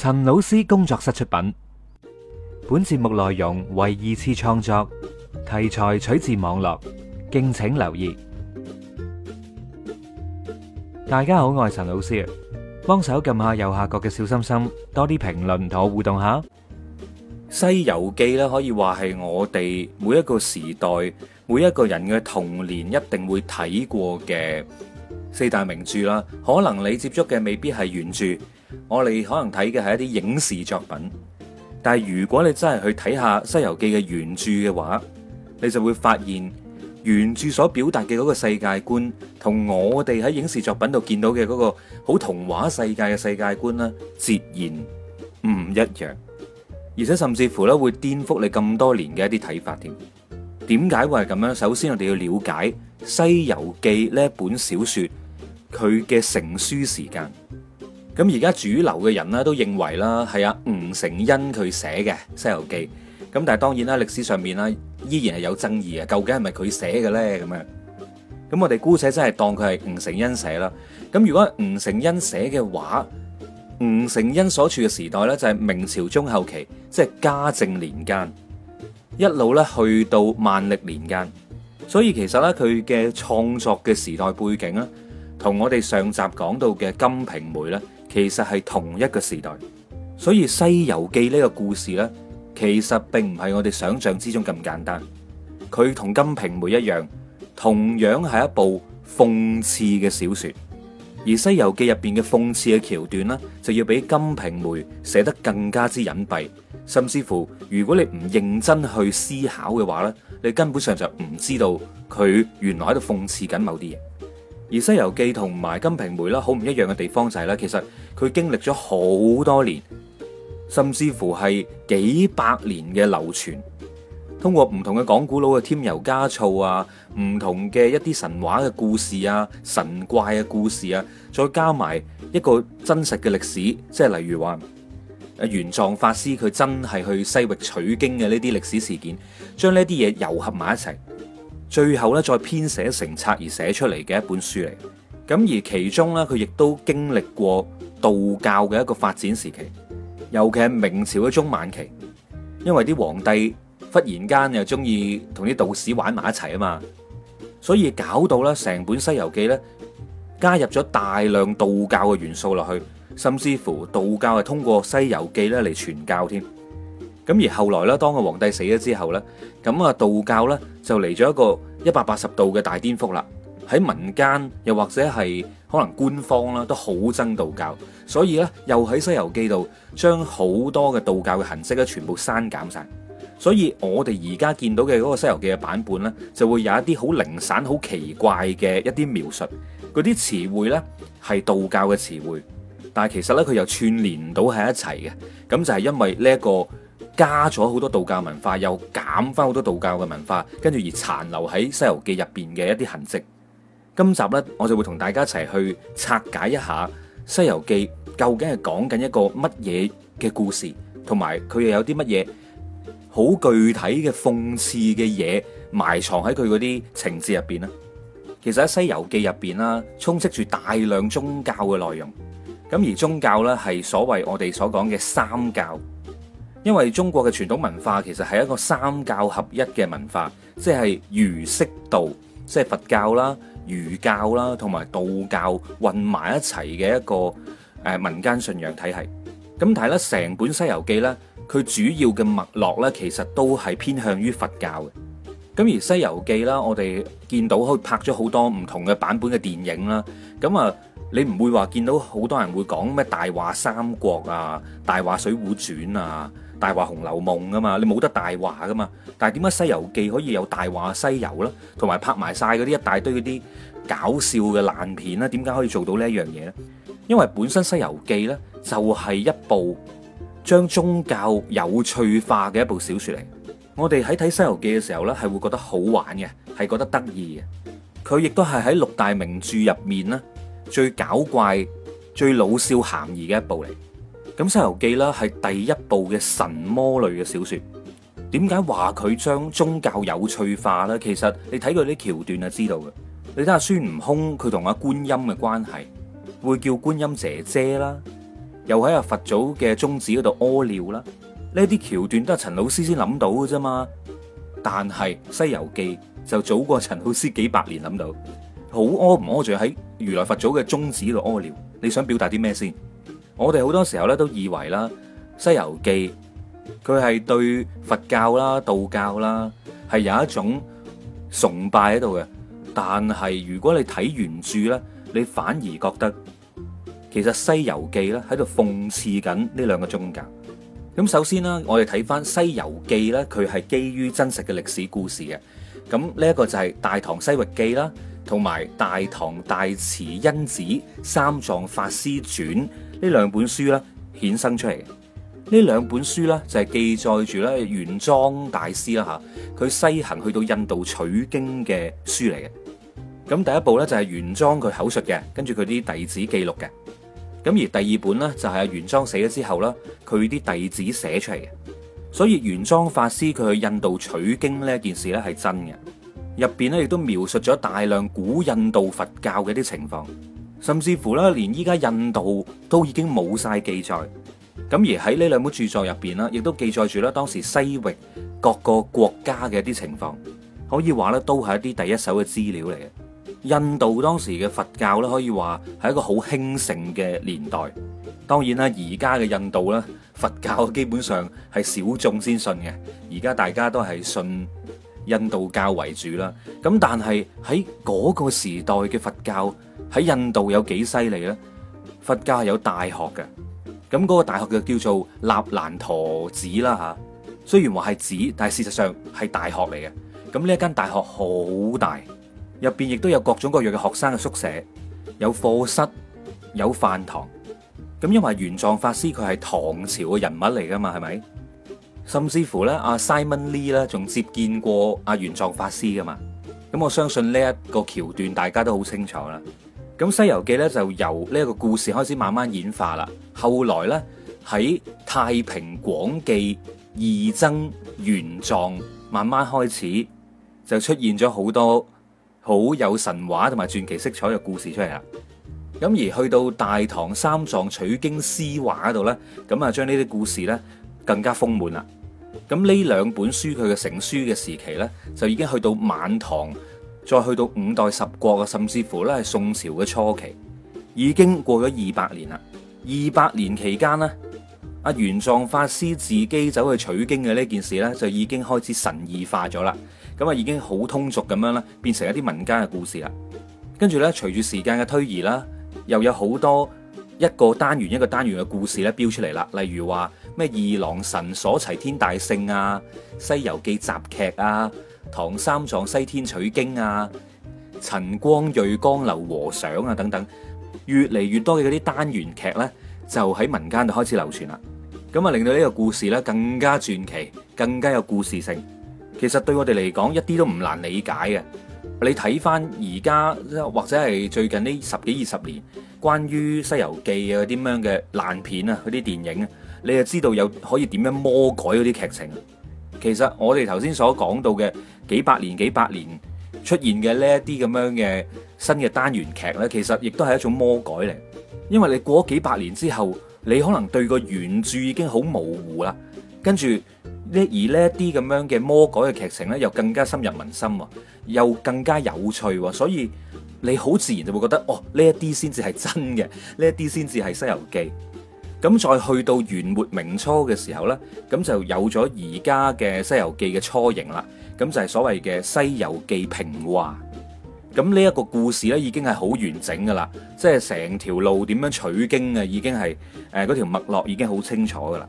陳老師工作室出品，本節目內容為二次創作，題材取自網絡，敬請留意。大家好，我係陳老師，幫手撳下右下角嘅小心心，多啲評論同我互動下。《西遊記》啦，可以話係我哋每一個時代、每一個人嘅童年一定會睇過嘅四大名著啦。可能你接觸嘅未必係原著。我哋可能睇嘅係一啲影視作品，但係如果你真係去睇下《西遊記》嘅原著嘅話，你就會發現原著所表達嘅嗰個世界觀，同我哋喺影視作品度見到嘅嗰個好童話世界嘅世界觀啦，截然唔一樣。而且甚至乎咧會顛覆你咁多年嘅一啲睇法添。點解會係咁樣？首先我哋要了解《西遊記》呢本小說，佢嘅成書時間。咁而家主流嘅人咧都認為啦，係啊吳承恩佢寫嘅《西遊記》，咁但係當然啦，歷史上面啦依然係有爭議嘅，究竟係咪佢寫嘅咧？咁樣，咁我哋姑且真係當佢係吳承恩寫啦。咁如果吳承恩寫嘅話，吳承恩所處嘅時代咧就係明朝中後期，即係嘉靖年間一路咧去到萬曆年間，所以其實咧佢嘅創作嘅時代背景咧，同我哋上集講到嘅《金瓶梅》咧。其實係同一個時代，所以《西遊記》呢個故事呢，其實並唔係我哋想象之中咁簡單。佢同《金瓶梅》一樣，同樣係一部諷刺嘅小說。而《西遊記》入邊嘅諷刺嘅橋段呢，就要比《金瓶梅》寫得更加之隱蔽，甚至乎如果你唔認真去思考嘅話呢，你根本上就唔知道佢原來喺度諷刺緊某啲嘢。而《西遊記》同埋《金瓶梅》啦，好唔一樣嘅地方就係咧，其實佢經歷咗好多年，甚至乎係幾百年嘅流傳。通過唔同嘅講古佬嘅添油加醋啊，唔同嘅一啲神話嘅故事啊、神怪嘅故事啊，再加埋一個真實嘅歷史，即係例如話，玄奘法師佢真係去西域取經嘅呢啲歷史事件，將呢啲嘢糅合埋一齊。最後咧，再編寫成冊而寫出嚟嘅一本書嚟。咁而其中咧，佢亦都經歷過道教嘅一個發展時期，尤其係明朝嘅中晚期，因為啲皇帝忽然間又中意同啲道士玩埋一齊啊嘛，所以搞到咧成本《西遊記》咧加入咗大量道教嘅元素落去，甚至乎道教係通過《西遊記》咧嚟傳教添。咁而後來咧，當個皇帝死咗之後咧，咁啊道教咧就嚟咗一個一百八十度嘅大顛覆啦。喺民間又或者係可能官方啦，都好憎道教，所以咧又喺《西遊記》度將好多嘅道教嘅痕跡咧全部刪減晒。所以我哋而家見到嘅嗰個《西遊記》嘅版本咧，就會有一啲好零散、好奇怪嘅一啲描述，嗰啲詞彙咧係道教嘅詞彙，但係其實咧佢又串聯唔到喺一齊嘅。咁就係因為呢一個。加咗好多道教文化，又減翻好多道教嘅文化，跟住而殘留喺《西遊記》入邊嘅一啲痕跡。今集呢，我就會同大家一齊去拆解一下《西遊記》究竟係講緊一個乜嘢嘅故事，同埋佢又有啲乜嘢好具體嘅諷刺嘅嘢埋藏喺佢嗰啲情節入邊呢。其實喺《西遊記》入邊啦，充斥住大量宗教嘅內容。咁而宗教呢係所謂我哋所講嘅三教。因為中國嘅傳統文化其實係一個三教合一嘅文化，即係儒釋道，即係佛教啦、儒教啦同埋道教混埋一齊嘅一個誒民間信仰體系。咁但係呢，成本《西遊記》呢，佢主要嘅脈絡呢，其實都係偏向於佛教嘅。咁而《西遊記》啦，我哋見到佢拍咗好多唔同嘅版本嘅電影啦。咁啊，你唔會話見到好多人會講咩大話《三國》啊、大話水傳《水滸傳》啊。大話《紅樓夢》啊嘛，你冇得大話噶嘛。但係點解《西遊記》可以有大話《西遊》咧？同埋拍埋曬嗰啲一大堆嗰啲搞笑嘅爛片咧，點解可以做到呢一樣嘢咧？因為本身《西遊記》咧就係一部將宗教有趣化嘅一部小説嚟。我哋喺睇《西遊記》嘅時候咧，係會覺得好玩嘅，係覺得得意嘅。佢亦都係喺六大名著入面咧最搞怪、最老少鹹宜嘅一部嚟。咁《西遊記》啦，係第一部嘅神魔類嘅小說。點解話佢將宗教有趣化咧？其實你睇佢啲橋段就知道嘅。你睇下孫悟空佢同阿觀音嘅關係，會叫觀音姐姐啦，又喺阿佛祖嘅中指嗰度屙尿啦。呢啲橋段都係陳老師先諗到嘅啫嘛。但係《西遊記》就早過陳老師幾百年諗到，好屙唔屙住喺如來佛祖嘅中指度屙尿。你想表達啲咩先？我哋好多時候咧都以為啦，《西遊記》佢係對佛教啦、道教啦係有一種崇拜喺度嘅。但係如果你睇原著咧，你反而覺得其實《西遊記》咧喺度諷刺緊呢兩個宗教。咁首先呢，我哋睇翻《西遊記》咧，佢係基於真實嘅歷史故事嘅。咁呢一個就係《大唐西域記》啦，同埋《大唐大慈恩寺三藏法師傳》。呢兩本書咧衍生出嚟嘅，呢兩本書咧就係記載住咧玄奘大師啦嚇，佢西行去到印度取經嘅書嚟嘅。咁第一部咧就係玄奘佢口述嘅，跟住佢啲弟子記錄嘅。咁而第二本咧就係玄奘死咗之後啦，佢啲弟子寫出嚟嘅。所以玄奘法師佢去印度取經呢一件事咧係真嘅，入邊咧亦都描述咗大量古印度佛教嘅啲情況。甚至乎咧，連依家印度都已經冇晒記載。咁而喺呢兩本著作入邊呢，亦都記載住咧當時西域各個國家嘅一啲情況，可以話呢都係一啲第一手嘅資料嚟嘅。印度當時嘅佛教呢，可以話係一個好興盛嘅年代。當然啦，而家嘅印度呢，佛教基本上係小眾先信嘅。而家大家都係信印度教為主啦，咁但係喺嗰個時代嘅佛教喺印度有幾犀利咧？佛教係有大學嘅，咁、那、嗰個大學就叫做納蘭陀寺啦吓。雖然話係寺，但係事實上係大學嚟嘅。咁呢一間大學好大，入邊亦都有各種各樣嘅學生嘅宿舍，有課室，有飯堂。咁因為玄奘法師佢係唐朝嘅人物嚟噶嘛，係咪？甚至乎咧，阿 Simon Lee 咧仲接見過阿玄奘法師噶嘛？咁我相信呢一個橋段大家都好清楚啦。咁《西遊記》咧就由呢一個故事開始慢慢演化啦。後來咧喺《太平廣記》異僧玄奘，慢慢開始就出現咗好多好有神話同埋傳奇色彩嘅故事出嚟啦。咁而去到《大唐三藏取經詩話》嗰度咧，咁啊將呢啲故事咧更加豐滿啦。咁呢兩本書佢嘅成書嘅時期呢，就已經去到晚唐，再去到五代十國啊，甚至乎呢係宋朝嘅初期，已經過咗二百年啦。二百年期間呢，阿玄奘法師自己走去取經嘅呢件事呢，就已經開始神異化咗啦。咁啊，已經好通俗咁樣啦，變成一啲民間嘅故事啦。跟住呢，隨住時間嘅推移啦，又有好多一個單元一個單元嘅故事呢，標出嚟啦。例如話。咩？二郎神鎖齊天大聖啊，《西遊記》雜劇啊，《唐三藏西天取經》啊，《陳光蕊江流和尚》啊，等等，越嚟越多嘅嗰啲單元劇呢，就喺民間就開始流傳啦。咁啊，令到呢個故事呢更加傳奇，更加有故事性。其實對我哋嚟講一啲都唔難理解嘅。你睇翻而家或者係最近呢十幾二十年關於《西遊記》啊啲咁樣嘅爛片啊，嗰啲電影。你就知道有可以點樣魔改嗰啲劇情？其實我哋頭先所講到嘅幾百年幾百年出現嘅呢一啲咁樣嘅新嘅單元劇呢，其實亦都係一種魔改嚟。因為你過咗幾百年之後，你可能對個原著已經好模糊啦。跟住呢，而呢啲咁樣嘅魔改嘅劇情呢，又更加深入民心，又更加有趣。所以你好自然就會覺得，哦，呢一啲先至係真嘅，呢一啲先至係《西遊記》。咁再去到元末明初嘅時候呢，咁就有咗而家嘅《西遊記》嘅雛形啦。咁就係所謂嘅《西遊記》平話。咁呢一個故事呢，已經係好完整噶啦，即係成條路點樣取經啊，已經係誒嗰條脈絡已經好清楚噶啦。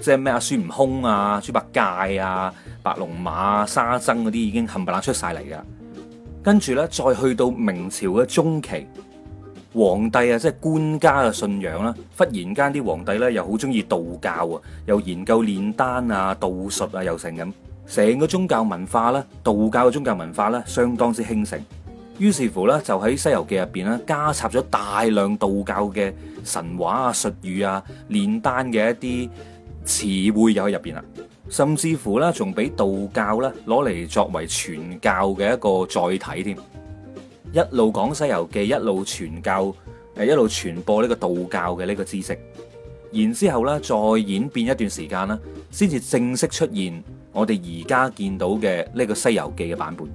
即係咩啊？孫悟空啊，豬八戒啊，白龍馬、沙僧嗰啲已經冚唪唥出晒嚟噶。跟住呢，再去到明朝嘅中期。皇帝啊，即係官家嘅信仰啦。忽然間啲皇帝咧又好中意道教啊，又研究煉丹啊、道術啊，又成咁。成個宗教文化咧，道教嘅宗教文化咧，相當之興盛。於是乎咧，就喺《西遊記》入邊咧，加插咗大量道教嘅神話啊、術語啊、煉丹嘅一啲詞彙，又喺入邊啦。甚至乎咧，仲俾道教咧攞嚟作為傳教嘅一個載體添。一路講西遊記，一路傳教，誒一路傳播呢個道教嘅呢個知識，然之後呢，再演變一段時間啦，先至正式出現我哋而家見到嘅呢個《西遊記》嘅版本。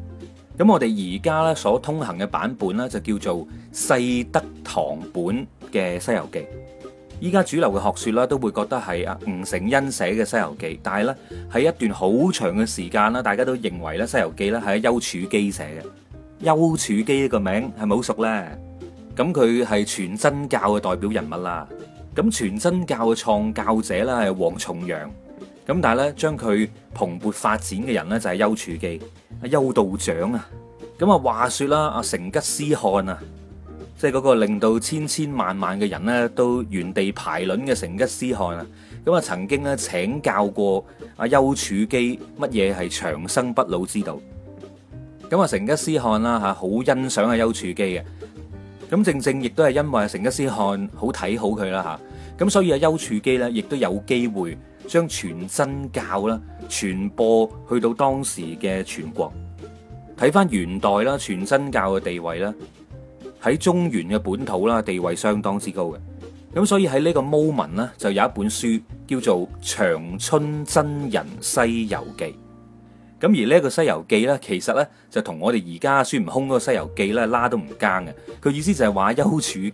咁我哋而家呢所通行嘅版本呢，就叫做世德堂本嘅《西遊記》。依家主流嘅學説啦，都會覺得係啊吳承恩寫嘅《西遊記》，但係呢，喺一段好長嘅時間啦，大家都認為咧《西遊記》咧係邱處機寫嘅。丘處機呢個名係咪好熟咧？咁佢係全真教嘅代表人物啦。咁全真教嘅創教者咧係王重陽，咁但係咧將佢蓬勃發展嘅人咧就係丘處機。阿丘道長啊。咁啊，話説啦，阿成吉思汗啊，即係嗰個令到千千萬萬嘅人咧都原地排卵嘅成吉思汗啊。咁啊，曾經咧請教過阿丘處機乜嘢係長生不老之道。咁啊，成吉思汗啦嚇，好欣賞啊丘處機嘅。咁正正亦都係因為成吉思汗很看好睇好佢啦嚇，咁所以啊丘處機咧，亦都有機會將全真教啦傳播去到當時嘅全國。睇翻元代啦，全真教嘅地位啦，喺中原嘅本土啦，地位相當之高嘅。咁所以喺呢個 moment 呢，就有一本書叫做《長春真人西遊記》。咁而呢一個《西遊記》咧，其實咧就同我哋而家孫悟空嗰個《西遊記》咧拉都唔更嘅。佢意思就係話丘處機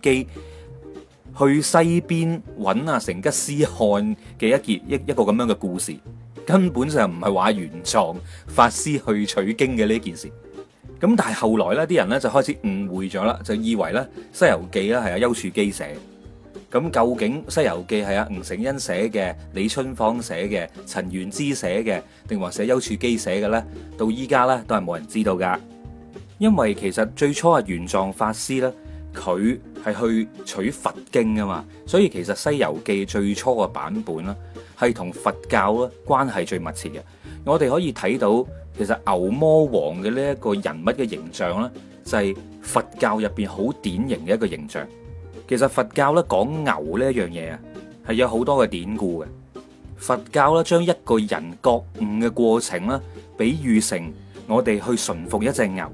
去西邊揾阿成吉思汗嘅一件一一個咁樣嘅故事，根本就唔係話玄奘法師去取經嘅呢件事。咁但係後來咧，啲人咧就開始誤會咗啦，就以為咧《西遊記》呢係阿丘處機寫。咁究竟《西遊記》係阿吳承恩寫嘅、李春芳寫嘅、陳元之寫嘅，定話寫丘處機寫嘅咧？到依家咧都係冇人知道噶，因為其實最初阿玄奘法師咧，佢係去取佛經啊嘛，所以其實《西遊記》最初個版本啦，係同佛教啦關係最密切嘅。我哋可以睇到，其實牛魔王嘅呢一個人物嘅形象啦，就係佛教入邊好典型嘅一個形象。其實佛教咧講牛呢一樣嘢啊，係有好多嘅典故嘅。佛教咧將一個人覺悟嘅過程咧，比喻成我哋去馴服一隻牛。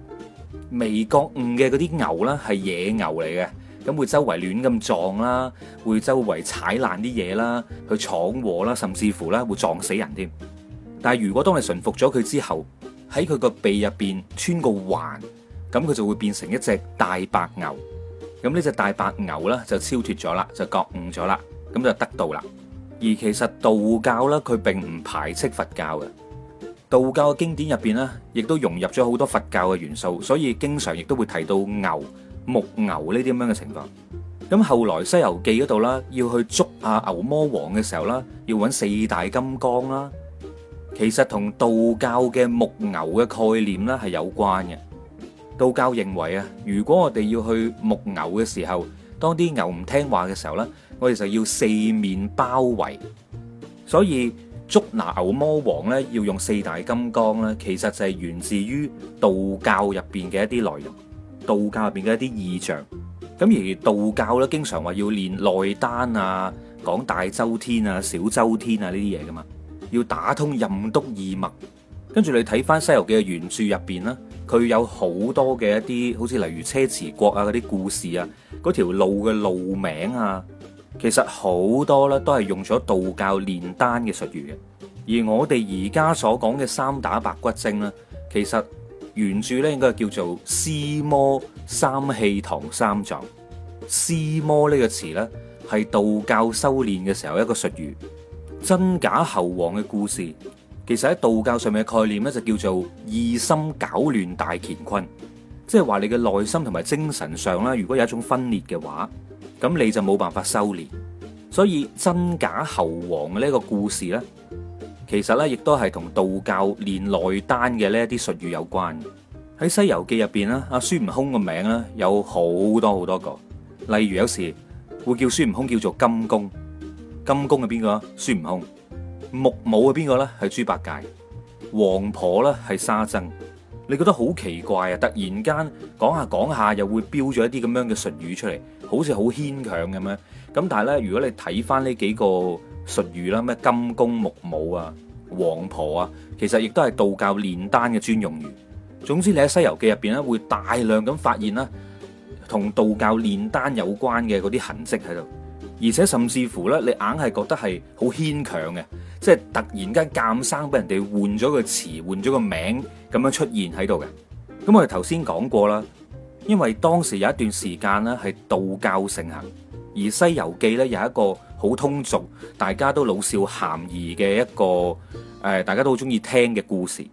未覺悟嘅嗰啲牛咧係野牛嚟嘅，咁會周圍亂咁撞啦，會周圍踩爛啲嘢啦，去闖禍啦，甚至乎咧會撞死人添。但係如果當你馴服咗佢之後，喺佢個鼻入邊穿個環，咁佢就會變成一隻大白牛。咁呢隻大白牛咧就超脫咗啦，就覺悟咗啦，咁就得道啦。而其實道教咧，佢並唔排斥佛教嘅。道教嘅經典入邊咧，亦都融入咗好多佛教嘅元素，所以經常亦都會提到牛、木牛呢啲咁樣嘅情況。咁後來《西遊記》嗰度啦，要去捉阿牛魔王嘅時候啦，要揾四大金剛啦，其實同道教嘅木牛嘅概念咧係有關嘅。道教認為啊，如果我哋要去牧牛嘅時候，當啲牛唔聽話嘅時候呢，我哋就要四面包圍。所以捉拿牛魔王呢，要用四大金剛呢，其實就係源自於道教入邊嘅一啲內容，道教入邊嘅一啲意象。咁而道教呢，經常話要練內丹啊，講大周天啊、小周天啊呢啲嘢噶嘛，要打通任督二脈。跟住你睇翻《西遊記》嘅原著入邊啦。佢有好多嘅一啲，好似例如車遲國啊嗰啲故事啊，嗰條路嘅路名啊，其實好多呢都係用咗道教煉丹嘅術語嘅。而我哋而家所講嘅三打白骨精呢，其實原著呢應該叫做屍魔三戲唐三藏。「屍魔」呢個詞呢，係道教修煉嘅時候一個術語。真假猴王嘅故事。其實喺道教上面嘅概念咧，就叫做二心搞亂大乾坤，即係話你嘅內心同埋精神上咧，如果有一種分裂嘅話，咁你就冇辦法修煉。所以真假猴王呢個故事咧，其實咧亦都係同道教練內丹嘅呢一啲術語有關。喺《西遊記》入邊咧，阿孫悟空嘅名咧有好多好多個，例如有時會叫孫悟空叫做金公，金公係邊個啊？孫悟空。木母係邊個呢？係豬八戒，黃婆呢，係沙僧。你覺得好奇怪啊？突然間講下講下又會標咗一啲咁樣嘅術語出嚟，好似好牽強咁樣。咁但係呢，如果你睇翻呢幾個術語啦，咩金公木母啊、黃婆啊，其實亦都係道教煉丹嘅專用語。總之你喺《西遊記》入邊呢，會大量咁發現啦，同道教煉丹有關嘅嗰啲痕跡喺度，而且甚至乎呢，你硬係覺得係好牽強嘅。即係突然間鑑生俾人哋換咗個詞，換咗個名咁樣出現喺度嘅。咁我哋頭先講過啦，因為當時有一段時間呢係道教盛行，而《西遊記》呢，有一個好通俗、大家都老少咸宜嘅一個誒，大家都好中意聽嘅故事，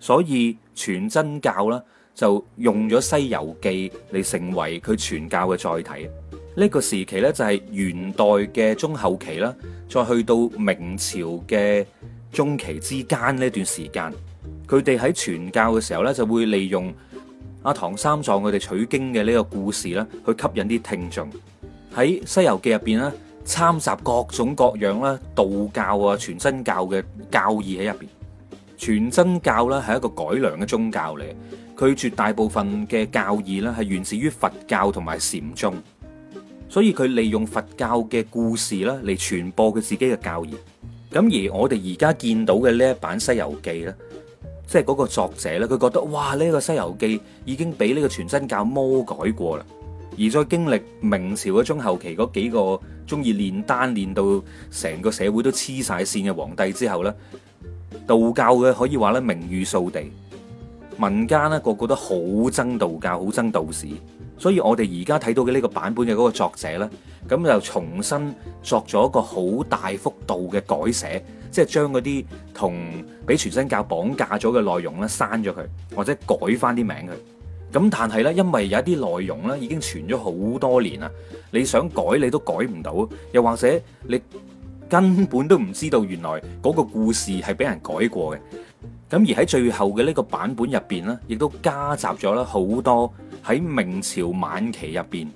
所以全真教呢，就用咗《西遊記》嚟成為佢傳教嘅載體。呢個時期呢，就係元代嘅中後期啦，再去到明朝嘅中期之間呢段時間，佢哋喺傳教嘅時候呢，就會利用阿唐三藏佢哋取經嘅呢個故事呢，去吸引啲聽眾，喺《西遊記》入邊呢，參雜各種各樣啦，道教啊、全真教嘅教義喺入邊。全真教呢，係一個改良嘅宗教嚟，佢絕大部分嘅教義呢，係源自於佛教同埋禪宗。所以佢利用佛教嘅故事啦，嚟傳播佢自己嘅教義。咁而我哋而家見到嘅呢一版《西遊記》咧，即係嗰個作者咧，佢覺得哇！呢個《西遊記》已經俾呢個全真教魔改過啦。而再經歷明朝嘅中後期嗰幾個中意煉丹煉到成個社會都黐晒線嘅皇帝之後咧，道教嘅可以話咧名譽掃地，民間咧個個都好憎道教，好憎道士。所以我哋而家睇到嘅呢個版本嘅嗰個作者呢，咁就重新作咗一個好大幅度嘅改寫，即係將嗰啲同俾全真教綁架咗嘅內容呢，刪咗佢，或者改返啲名佢。咁但係呢，因為有一啲內容呢已經傳咗好多年啦，你想改你都改唔到，又或者你根本都唔知道原來嗰個故事係俾人改過嘅。咁而喺最後嘅呢個版本入面呢，呢亦都加雜咗好多喺明朝晚期入面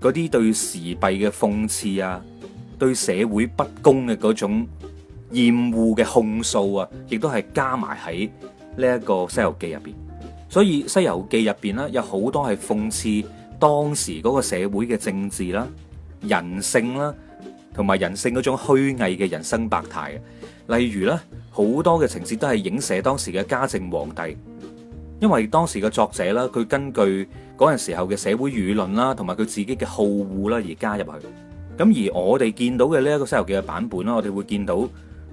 嗰啲對時弊嘅諷刺啊，對社會不公嘅嗰種厭惡嘅控訴啊，亦都係加埋喺呢一個《西遊記》入面。所以《西遊記》入面呢，有好多係諷刺當時嗰個社會嘅政治啦、啊、人性啦、啊，同埋人性嗰種虛偽嘅人生百態嘅，例如呢。好多嘅情節都係影射當時嘅嘉靖皇帝，因為當時嘅作者啦，佢根據嗰陣時候嘅社會輿論啦，同埋佢自己嘅好惡啦而加入去。咁而我哋見到嘅呢一個《西遊記》嘅版本啦，我哋會見到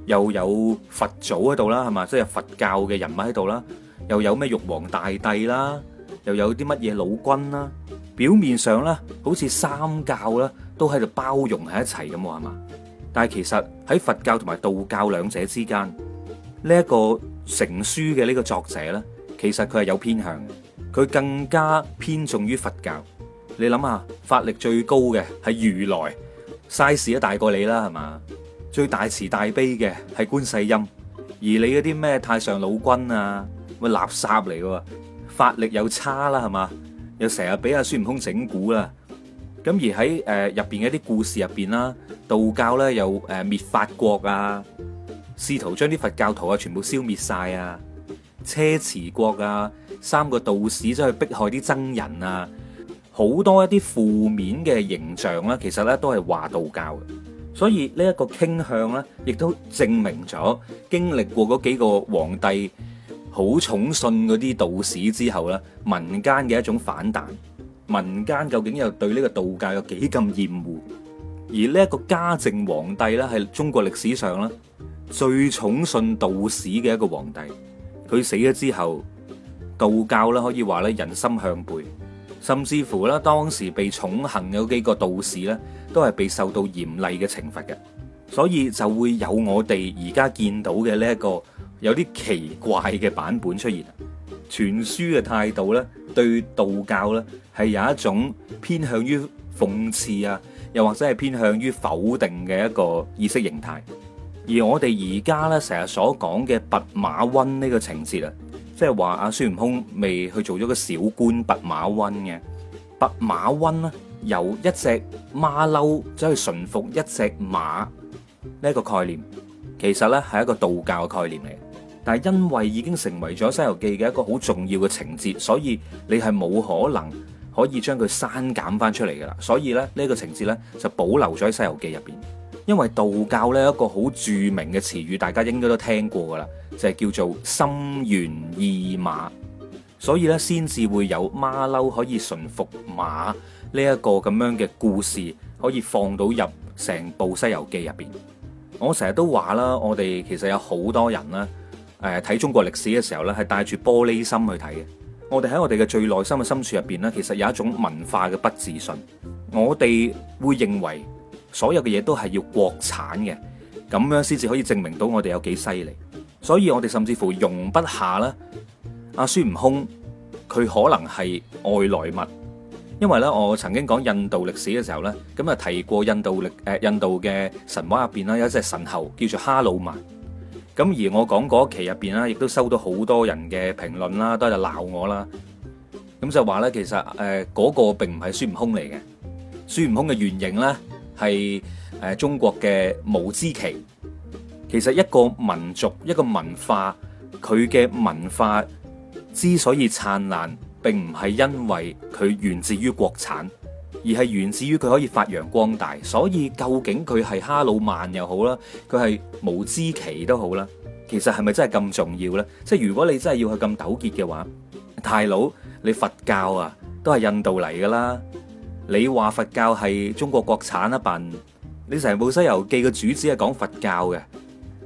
又有佛祖喺度啦，係嘛，即係佛教嘅人物喺度啦，又有咩玉皇大帝啦，又有啲乜嘢老君啦。表面上咧，好似三教啦，都喺度包容喺一齊咁，係嘛。但係其實喺佛教同埋道教兩者之間，呢一個成書嘅呢個作者咧，其實佢係有偏向的，佢更加偏重於佛教。你諗下，法力最高嘅係如來，size 都大過你啦，係嘛？最大慈大悲嘅係觀世音，而你嗰啲咩太上老君啊，咪垃圾嚟嘅，法力又差啦，係嘛？又成日俾阿孫悟空整蠱啦。咁而喺入、呃、面嘅啲故事入面啦，道教咧有誒滅法國啊，試圖將啲佛教徒啊全部消滅晒啊，車遲國啊三個道士走去迫害啲僧人啊，好多一啲負面嘅形象啦，其實咧都係話道教嘅，所以呢一個傾向咧，亦都證明咗經歷過嗰幾個皇帝好寵信嗰啲道士之後咧，民間嘅一種反彈。民間究竟又對呢個道教有幾咁厭惡？而呢一個嘉靖皇帝咧，係中國歷史上咧最寵信道士嘅一個皇帝。佢死咗之後，道教咧可以話咧人心向背，甚至乎咧當時被寵幸嘅嗰幾個道士咧，都係被受到嚴厲嘅懲罰嘅。所以就會有我哋而家見到嘅呢一個有啲奇怪嘅版本出現，傳書嘅態度咧。對道教呢，係有一種偏向於諷刺啊，又或者係偏向於否定嘅一個意識形態。而我哋而家呢，成日所講嘅弼馬溫呢個情節啊，即係話阿孫悟空未去做咗個小官弼馬溫嘅，弼馬溫呢，由一隻馬騮走去馴服一隻馬呢一個概念，其實呢係一個道教嘅概念嚟。但係，因為已經成為咗《西遊記》嘅一個好重要嘅情節，所以你係冇可能可以將佢刪減翻出嚟噶啦。所以咧，呢、這、一個情節呢，就保留咗喺《西遊記》入面。因為道教呢一個好著名嘅詞語，大家應該都聽過噶啦，就係、是、叫做心猿意馬，所以呢，先至會有馬騮可以馴服馬呢一、這個咁樣嘅故事，可以放到入成部《西遊記》入面。我成日都話啦，我哋其實有好多人誒睇中國歷史嘅時候呢，係帶住玻璃心去睇嘅。我哋喺我哋嘅最內心嘅深處入面，呢其實有一種文化嘅不自信。我哋會認為所有嘅嘢都係要國產嘅，咁樣先至可以證明到我哋有幾犀利。所以我哋甚至乎容不下啦。阿孫悟空佢可能係外來物，因為呢，我曾經講印度歷史嘅時候呢，咁啊提過印度歷誒印度嘅神話入面，啦，有一隻神猴叫做哈魯曼。咁而我講嗰期入邊啦，亦都收到好多人嘅評論啦，都係鬧我啦。咁就話咧，其實誒嗰、呃那個並唔係孫悟空嚟嘅，孫悟空嘅原型咧係誒中國嘅無支祁。其實一個民族一個文化，佢嘅文化之所以燦爛，並唔係因為佢源自於國產。而係源自於佢可以發揚光大，所以究竟佢係哈魯曼又好啦，佢係無支祁都好啦，其實係咪真係咁重要呢？即係如果你真係要去咁糾結嘅話，大佬你佛教啊都係印度嚟噶啦，你話佛教係中國國產一笨，你成部西遊記嘅主旨係講佛教嘅，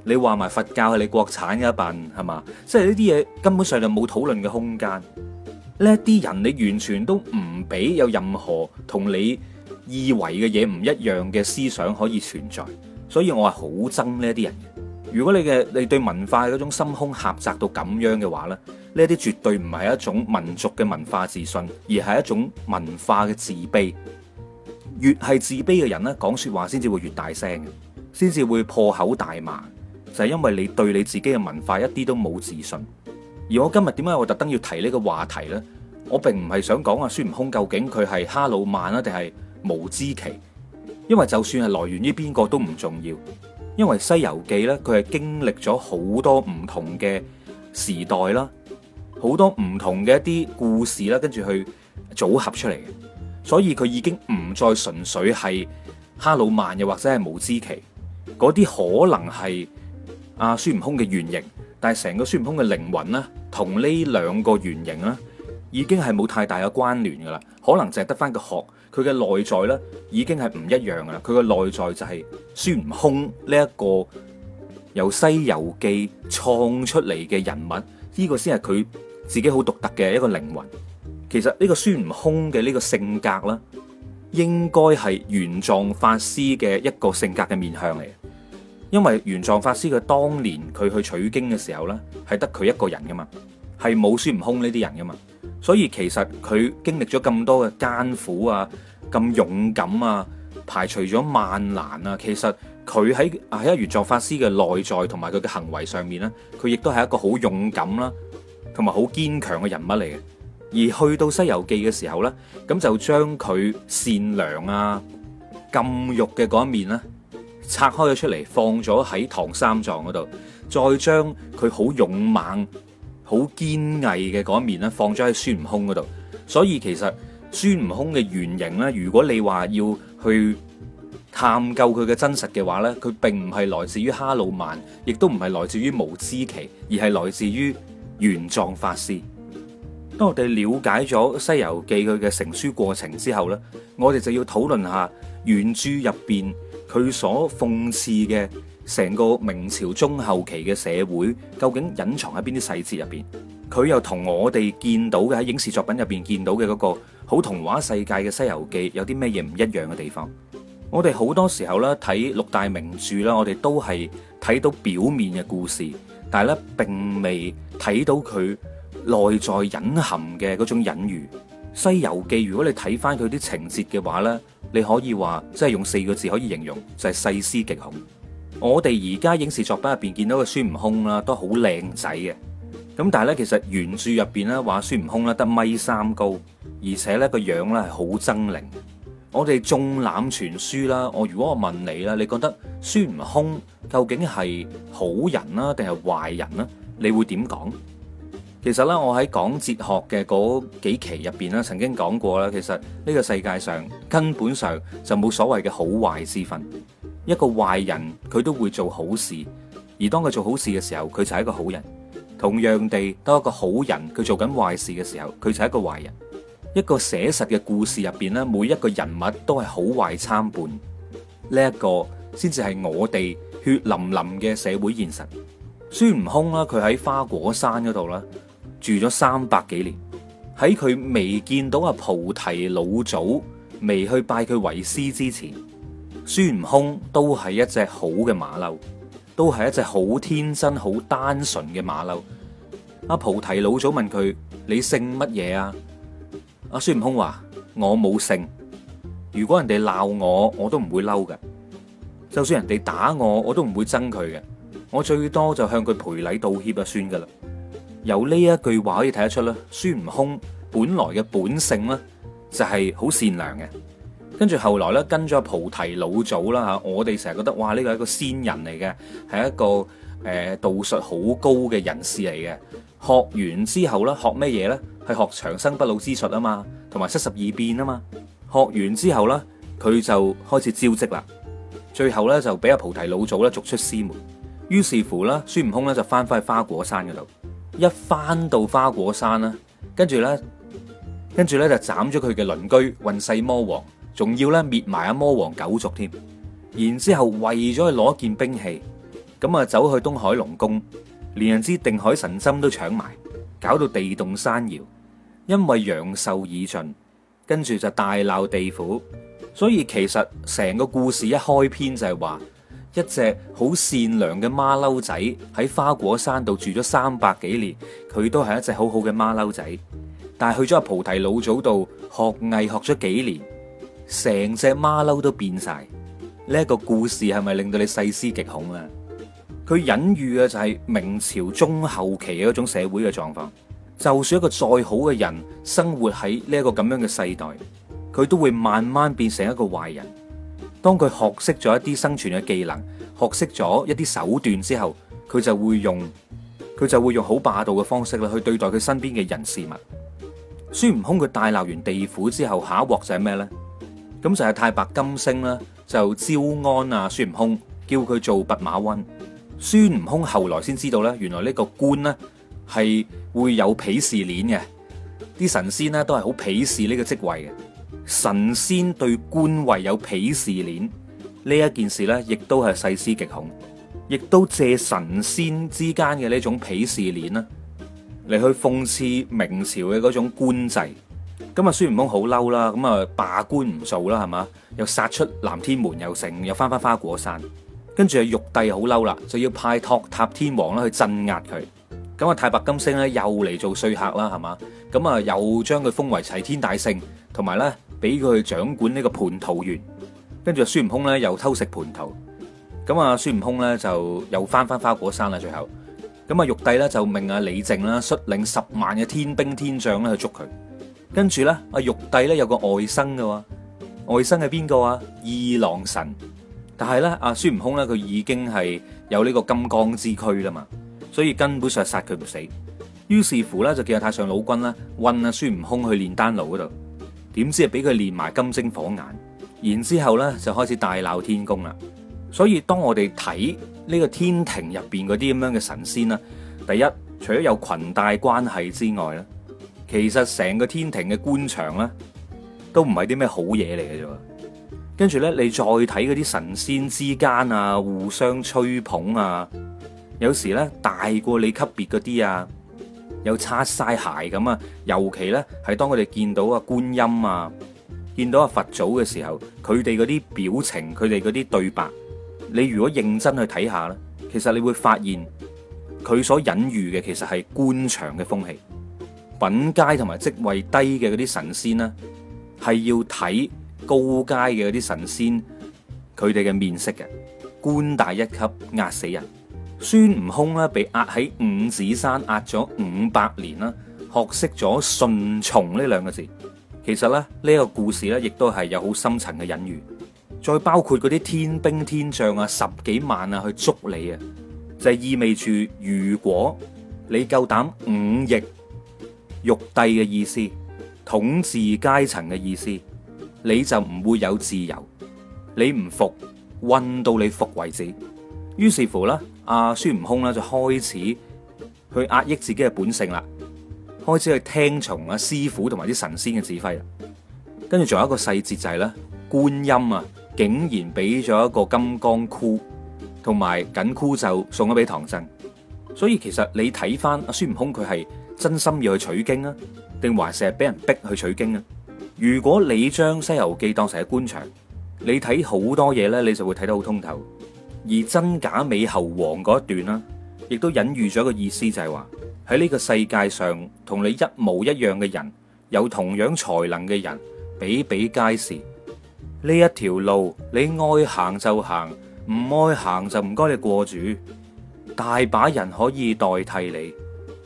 你話埋佛教係你國產嘅笨係嘛？即係呢啲嘢根本上就冇討論嘅空間。呢啲人，你完全都唔俾有任何同你以為嘅嘢唔一樣嘅思想可以存在，所以我係好憎呢啲人。如果你嘅你對文化嘅嗰種心胸狹窄到咁樣嘅話咧，呢啲絕對唔係一種民族嘅文化自信，而係一種文化嘅自卑。越係自卑嘅人呢，講說話先至會越大聲，先至會破口大罵，就係因為你對你自己嘅文化一啲都冇自信。而我今日點解我特登要提呢個話題呢？我並唔係想講阿孫悟空究竟佢係哈魯曼啦，定係無知奇，因為就算係來源於邊個都唔重要，因為《西遊記》呢，佢係經歷咗好多唔同嘅時代啦，好多唔同嘅一啲故事啦，跟住去組合出嚟嘅。所以佢已經唔再純粹係哈魯曼又或者係無知奇嗰啲，那些可能係阿孫悟空嘅原型。但係成個孫悟空嘅靈魂咧，同呢兩個原型咧，已經係冇太大嘅關聯噶啦。可能淨係得翻個殼，佢嘅內在咧，已經係唔一樣噶啦。佢嘅內在就係孫悟空呢一個由《西遊記》創出嚟嘅人物，呢個先係佢自己好獨特嘅一個靈魂。其實呢個孫悟空嘅呢個性格啦，應該係原狀法師嘅一個性格嘅面向嚟。因為玄奘法師佢當年佢去取經嘅時候呢，係得佢一個人噶嘛，係冇孫悟空呢啲人噶嘛，所以其實佢經歷咗咁多嘅艱苦啊，咁勇敢啊，排除咗萬難啊，其實佢喺喺玄奘法師嘅內在同埋佢嘅行為上面呢，佢亦都係一個好勇敢啦、啊，同埋好堅強嘅人物嚟嘅。而去到西遊記嘅時候呢，咁就將佢善良啊、禁慾嘅嗰一面呢。拆開咗出嚟，放咗喺唐三藏嗰度，再將佢好勇猛、好堅毅嘅嗰一面咧，放咗喺孫悟空嗰度。所以其實孫悟空嘅原型咧，如果你話要去探究佢嘅真實嘅話咧，佢並唔係來自於哈魯曼，亦都唔係來自於無支祁，而係來自於玄奘法師。當我哋了解咗《西遊記》佢嘅成書過程之後咧，我哋就要討論下原著入邊。佢所諷刺嘅成個明朝中後期嘅社會，究竟隱藏喺邊啲細節入邊？佢又同我哋見到嘅喺影視作品入邊見到嘅嗰個好童話世界嘅《西遊記》有啲咩嘢唔一樣嘅地方？我哋好多時候咧，睇六大名著啦，我哋都係睇到表面嘅故事，但係咧並未睇到佢內在隱含嘅嗰種隱喻。《西遊記》如果你睇翻佢啲情節嘅話呢，你可以話即係用四個字可以形容就係、是、細思極恐。我哋而家影視作品入邊見到個孫悟空啦、啊，都好靚仔嘅。咁但係呢，其實原著入邊咧話孫悟空咧、啊、得米三高，而且呢個樣子呢係好猙獰。我哋縱覽全書啦，我如果我問你咧，你覺得孫悟空究竟係好人啦、啊，定係壞人啦、啊？你會點講？其實咧，我喺講哲學嘅嗰幾期入邊咧，曾經講過啦。其實呢個世界上根本上就冇所謂嘅好壞之分。一個壞人佢都會做好事，而當佢做好事嘅時候，佢就係一個好人。同樣地，當一個好人佢做緊壞事嘅時候，佢就係一個壞人。一個寫實嘅故事入邊咧，每一個人物都係好壞參半。呢、這、一個先至係我哋血淋淋嘅社會現實。孫悟空啦，佢喺花果山嗰度啦。住咗三百幾年，喺佢未見到阿菩提老祖，未去拜佢為師之前，孫悟空都係一隻好嘅馬騮，都係一隻好天真、好單純嘅馬騮。阿菩提老祖問佢：你姓乜嘢啊？阿孫悟空話：我冇姓。如果人哋鬧我，我都唔會嬲噶；就算人哋打我，我都唔會憎佢嘅。我最多就向佢賠禮道歉就算噶啦。有呢一句話可以睇得出啦，孫悟空本來嘅本性咧就係好善良嘅，跟住後來咧跟咗菩提老祖啦吓，我哋成日覺得哇呢個係一個仙人嚟嘅，係一個誒、呃、道術好高嘅人士嚟嘅，學完之後啦，學咩嘢咧？係學長生不老之術啊嘛，同埋七十二變啊嘛，學完之後啦，佢就開始招積啦，最後咧就俾阿菩提老祖咧逐出師門，於是乎啦，孫悟空咧就翻返去花果山嗰度。一返到花果山啦，跟住咧，跟住咧就斬咗佢嘅鄰居混世魔王，仲要咧滅埋阿魔王九族添。然之後為咗去攞件兵器，咁啊走去東海龍宮，連人哋定海神針都搶埋，搞到地動山搖。因為陽壽已盡，跟住就大鬧地府。所以其實成個故事一開篇就係話。一隻好善良嘅馬騮仔喺花果山度住咗三百幾年，佢都係一隻好好嘅馬騮仔。但係去咗阿菩提老祖度學藝學咗幾年，成隻馬騮都變晒。呢一個故事係咪令到你細思極恐啦？佢隱喻嘅就係明朝中後期嘅一種社會嘅狀況。就算一個再好嘅人，生活喺呢一個咁樣嘅世代，佢都會慢慢變成一個壞人。當佢學識咗一啲生存嘅技能，學識咗一啲手段之後，佢就會用佢就會用好霸道嘅方式咧去對待佢身邊嘅人事物。孫悟空佢大鬧完地府之後，下一鑊就係咩呢？咁就係太白金星啦，就招安啊孫悟空，叫佢做弼馬温。孫悟空後來先知道呢，原來呢個官呢係會有鄙視鏈嘅，啲神仙呢都係好鄙視呢個職位嘅。神仙對官位有鄙視鏈呢一件事咧，亦都係細思極恐，亦都借神仙之間嘅呢種鄙視鏈啦，嚟去諷刺明朝嘅嗰種官制。咁啊、嗯，孫悟空好嬲啦，咁啊罷官唔做啦，係嘛，又殺出南天門又成，又翻翻花果山，跟住啊玉帝好嬲啦，就要派托塔天王啦去鎮壓佢。咁啊，太白金星咧又嚟做說客啦，係嘛，咁啊又將佢封為齊天大聖。同埋咧，俾佢去掌管呢個蟠桃園，跟住啊，孫悟空咧又偷食蟠桃，咁啊，孫悟空咧就又翻翻花果山啦。最後，咁啊，玉帝咧就命啊李靖啦率領十萬嘅天兵天將咧去捉佢。跟住咧，啊玉帝咧有個外甥㗎喎，外甥係邊個啊？二郎神。但係咧，啊孫悟空咧佢已經係有呢個金剛之軀啦嘛，所以根本上殺佢唔死。於是乎咧就叫啊太上老君啦，運啊孫悟空去煉丹爐嗰度。點知係俾佢練埋金睛火眼，然之後咧就開始大鬧天宮啦。所以當我哋睇呢個天庭入邊嗰啲咁樣嘅神仙啦，第一除咗有裙帶關係之外咧，其實成個天庭嘅官場咧，都唔係啲咩好嘢嚟嘅啫。跟住咧，你再睇嗰啲神仙之間啊，互相吹捧啊，有時咧大過你級別嗰啲啊。有擦晒鞋咁啊！尤其呢，係當佢哋見到阿觀音啊，見到阿佛祖嘅時候，佢哋嗰啲表情，佢哋嗰啲對白，你如果認真去睇下咧，其實你會發現，佢所隱喻嘅其實係官場嘅風氣，品階同埋職位低嘅嗰啲神仙咧，係要睇高階嘅嗰啲神仙佢哋嘅面色嘅，官大一級壓死人。孫悟空咧，被壓喺五指山，壓咗五百年啦，學識咗順從呢兩個字。其實咧呢個故事咧亦都係有好深層嘅隱喻。再包括嗰啲天兵天將啊，十幾萬啊去捉你啊，就意味住如果你夠膽忤逆玉帝嘅意思，統治階層嘅意思，你就唔會有自由。你唔服，運到你服為止。於是乎啦。阿、啊、孫悟空啦、啊，就開始去壓抑自己嘅本性啦，開始去聽從阿、啊、師傅同埋啲神仙嘅指揮啦。跟住仲有一個細節就係咧，觀音啊，竟然俾咗一個金剛箍同埋緊箍咒送咗俾唐僧。所以其實你睇翻阿孫悟空，佢係真心要去取經啊，定還是係俾人逼去取經啊？如果你將《西遊記》當成係官場，你睇好多嘢咧，你就會睇得好通透。而真假美猴王嗰一段啦，亦都隱喻咗個意思就，就係話喺呢個世界上，同你一模一樣嘅人，有同樣才能嘅人比比皆是。呢一條路，你愛行就行，唔愛行就唔該你過主。大把人可以代替你。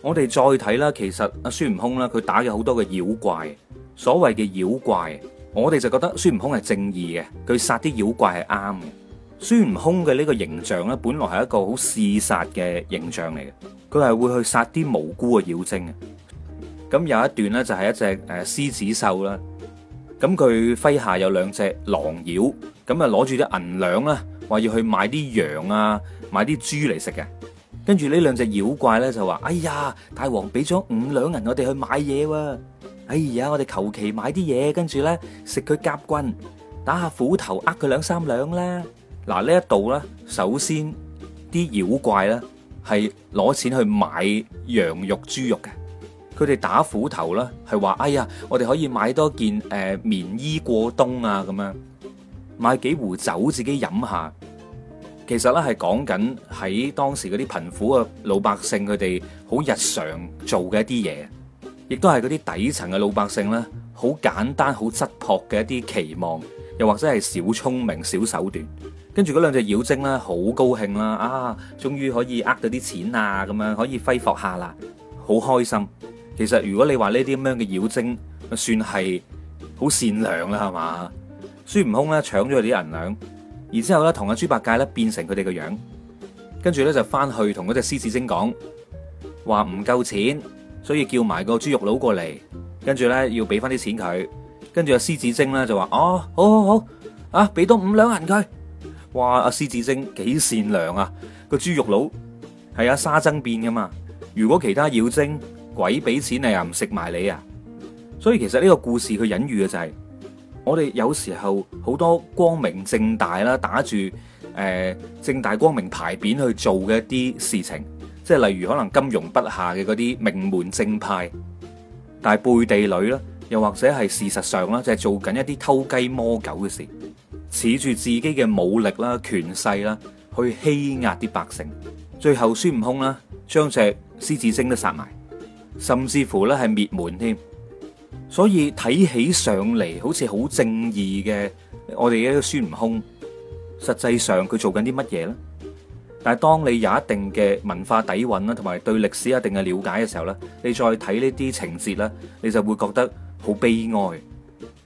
我哋再睇啦，其實阿孫悟空啦，佢打咗好多嘅妖怪，所謂嘅妖怪，我哋就覺得孫悟空係正義嘅，佢殺啲妖怪係啱嘅。孫悟空嘅呢個形象咧，本來係一個好嗜殺嘅形象嚟嘅，佢係會去殺啲無辜嘅妖精嘅。咁有一段咧，就係一隻誒獅子獸啦。咁佢麾下有兩隻狼妖，咁啊攞住啲銀兩啦，話要去買啲羊啊，買啲豬嚟食嘅。跟住呢兩隻妖怪咧就話，哎呀，大王俾咗五兩銀，我哋去買嘢喎。哎呀，我哋求其買啲嘢，跟住咧食佢夾棍，打下斧頭，呃佢兩三兩啦。嗱，呢一度咧，首先啲妖怪咧係攞錢去買羊肉、豬肉嘅。佢哋打斧頭咧，係話：哎呀，我哋可以買多件、呃、棉衣過冬啊，咁樣買幾壺酒自己飲下。其實咧，係講緊喺當時嗰啲貧苦嘅老百姓，佢哋好日常做嘅一啲嘢，亦都係嗰啲底層嘅老百姓咧，好簡單、好質樸嘅一啲期望，又或者係小聰明、小手段。跟住嗰兩隻妖精咧，好高興啦啊！終於可以呃到啲錢啊，咁樣可以揮霍一下啦，好開心。其實如果你話呢啲咁樣嘅妖精，算係好善良啦，係嘛？孫悟空咧搶咗佢啲銀兩，然之後咧同阿豬八戒咧變成佢哋嘅樣子，跟住咧就翻去同嗰隻獅子精講話唔夠錢，所以叫埋個豬肉佬過嚟，跟住咧要俾翻啲錢佢。跟住阿獅子精咧就話：哦，好好好啊，俾多五兩銀佢。哇，阿獅子精幾善良啊！個豬肉佬係阿沙僧變噶嘛，如果其他妖精鬼俾錢你，又唔食埋你啊。所以其實呢個故事佢隱喻嘅就係、是、我哋有時候好多光明正大啦打住誒、呃、正大光明牌匾，去做嘅一啲事情，即係例如可能金庸筆下嘅嗰啲名門正派，但係背地裏呢，又或者係事實上啦，就係、是、做緊一啲偷雞摸狗嘅事。恃住自己嘅武力啦、權勢啦，去欺壓啲百姓，最後孫悟空啦，將隻獅子精都殺埋，甚至乎咧係滅門添。所以睇起上嚟好似好正義嘅，我哋嘅一個孫悟空，實際上佢做緊啲乜嘢咧？但係當你有一定嘅文化底蘊啦，同埋對歷史一定嘅了解嘅時候咧，你再睇呢啲情節咧，你就會覺得好悲哀。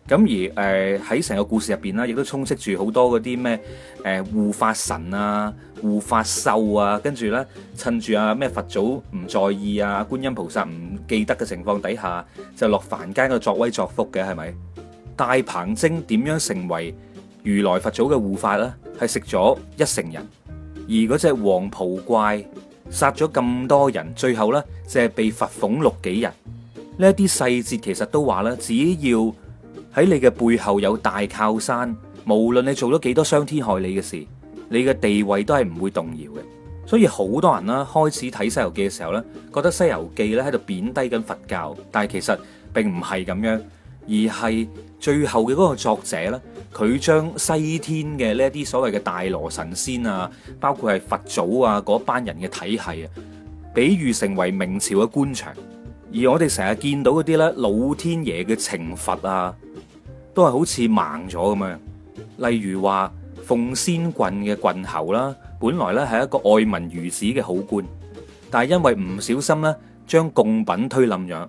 咁而喺成、呃、個故事入面啦，亦都充斥住好多嗰啲咩誒護法神啊、護法獸啊，跟住呢，趁住啊咩佛祖唔在意啊、觀音菩薩唔記得嘅情況底下，就落凡間個作威作福嘅係咪？大鵬精點樣成為如來佛祖嘅護法呢？係食咗一成人，而嗰隻黃袍怪殺咗咁多人，最後呢，就係、是、被罰俸六幾人。呢啲細節其實都話呢，只要。喺你嘅背後有大靠山，無論你做咗幾多傷天害理嘅事，你嘅地位都係唔會動搖嘅。所以好多人啦，開始睇《西遊記》嘅時候呢，覺得《西遊記》咧喺度貶低緊佛教，但係其實並唔係咁樣，而係最後嘅嗰個作者呢，佢將西天嘅呢啲所謂嘅大羅神仙啊，包括係佛祖啊嗰班人嘅體系啊，比喻成為明朝嘅官場，而我哋成日見到嗰啲呢，老天爺嘅懲罰啊。都係好似盲咗咁樣，例如話奉仙郡嘅郡侯啦，本來咧係一個愛民如子嘅好官，但係因為唔小心咧將貢品推冧咗，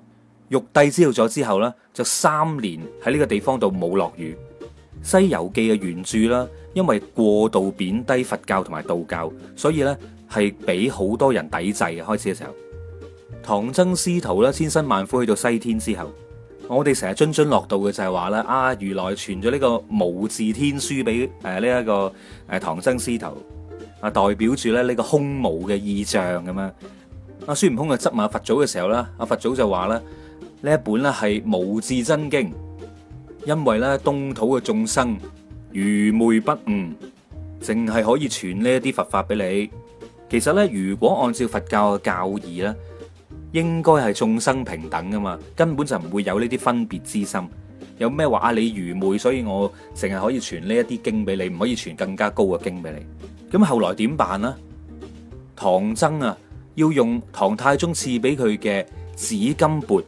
玉帝知道咗之後咧就三年喺呢個地方度冇落雨。西遊記嘅原著啦，因為過度貶低佛教同埋道教，所以咧係俾好多人抵制嘅。開始嘅時候，唐僧師徒呢千辛萬苦去到西天之後，我哋成日津津樂道嘅就係話啦，啊，如來傳咗呢、這個無字天書俾誒呢一個誒、啊、唐僧師徒，啊代表住咧呢、這個空無嘅意象咁樣。阿、啊、孫悟空嘅執馬佛祖嘅時候啦，阿、啊、佛祖就話啦，呢一本咧係無字真經，因為咧東土嘅眾生愚昧不悟，淨係可以傳呢一啲佛法俾你。其實咧，如果按照佛教嘅教義咧，應該係眾生平等噶嘛，根本就唔會有呢啲分別之心。有咩話啊？你愚昧，所以我淨係可以傳呢一啲經俾你，唔可以傳更加高嘅經俾你。咁後來點辦呢？唐僧啊，要用唐太宗賜俾佢嘅紫金缽，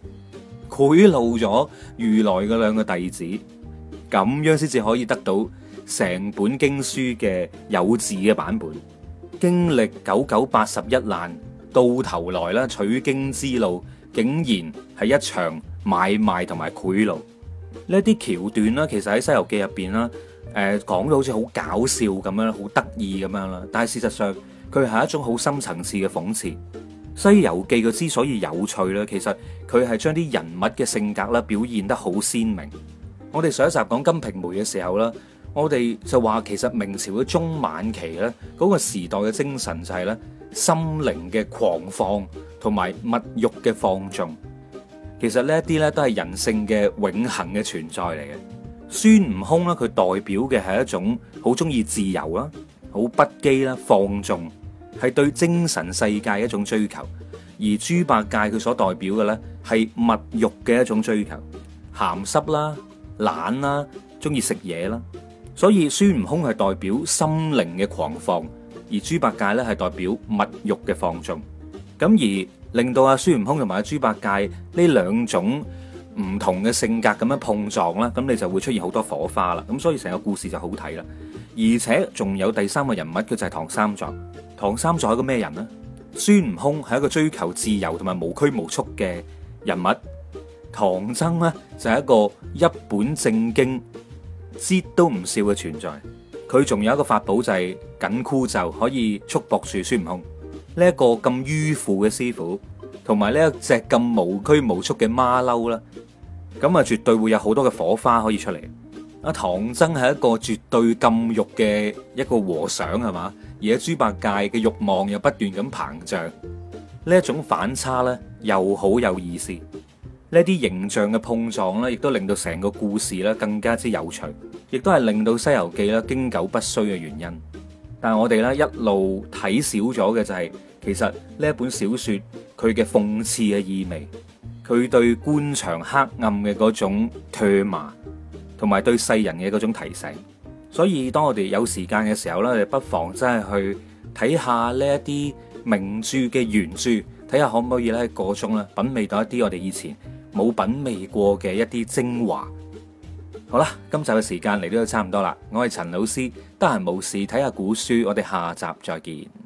賄賂咗如來嘅兩個弟子，咁樣先至可以得到成本經書嘅有字嘅版本。經歷九九八十一難。到頭來咧，取經之路竟然係一場買賣同埋賄賂。呢啲橋段咧，其實喺、呃《西遊記》入邊咧，誒講到好似好搞笑咁樣，好得意咁樣啦。但係事實上，佢係一種好深層次嘅諷刺。《西遊記》佢之所以有趣咧，其實佢係將啲人物嘅性格咧表現得好鮮明。我哋上一集講《金瓶梅》嘅時候啦，我哋就話其實明朝嘅中晚期咧，嗰、那個時代嘅精神就係、是、咧。心靈嘅狂放同埋物欲嘅放縱，其實呢一啲呢都係人性嘅永恒嘅存在嚟嘅。孫悟空呢，佢代表嘅係一種好中意自由啦、好不羈啦、放縱，係對精神世界一種追求；而豬八戒佢所代表嘅呢係物欲嘅一種追求，鹹濕啦、懶啦、中意食嘢啦，所以孫悟空係代表心靈嘅狂放。而豬八戒咧係代表物欲嘅放縱，咁而令到阿孫悟空同埋阿豬八戒呢兩種唔同嘅性格咁樣碰撞啦，咁你就會出現好多火花啦，咁所以成個故事就好睇啦。而且仲有第三個人物，佢就係、是、唐三藏。唐三藏係個咩人呢？孫悟空係一個追求自由同埋無拘無束嘅人物，唐僧呢，就係一個一本正經、知都唔笑嘅存在。佢仲有一個法寶就係緊箍咒，可以束縛住孫悟空。呢一個咁迂腐嘅師傅，同埋呢一隻咁無拘無束嘅馬騮啦。咁啊，絕對會有好多嘅火花可以出嚟。唐僧係一個絕對禁慾嘅一個和尚，係嘛？而家豬八戒嘅慾望又不斷咁膨脹，呢一種反差咧，又好有意思。呢啲形象嘅碰撞呢，亦都令到成個故事呢更加之有趣，亦都係令到《西遊記》咧經久不衰嘅原因。但係我哋呢一路睇少咗嘅就係、是，其實呢一本小說佢嘅諷刺嘅意味，佢對官場黑暗嘅嗰種唾罵，同埋對世人嘅嗰種提醒。所以當我哋有時間嘅時候咧，不妨真係去睇下呢一啲名著嘅原著，睇下可唔可以咧喺個中咧品味到一啲我哋以前冇品味過嘅一啲精華。好啦，今集嘅時間嚟到都差唔多啦。我係陳老師，得閒無事睇下古書。我哋下集再見。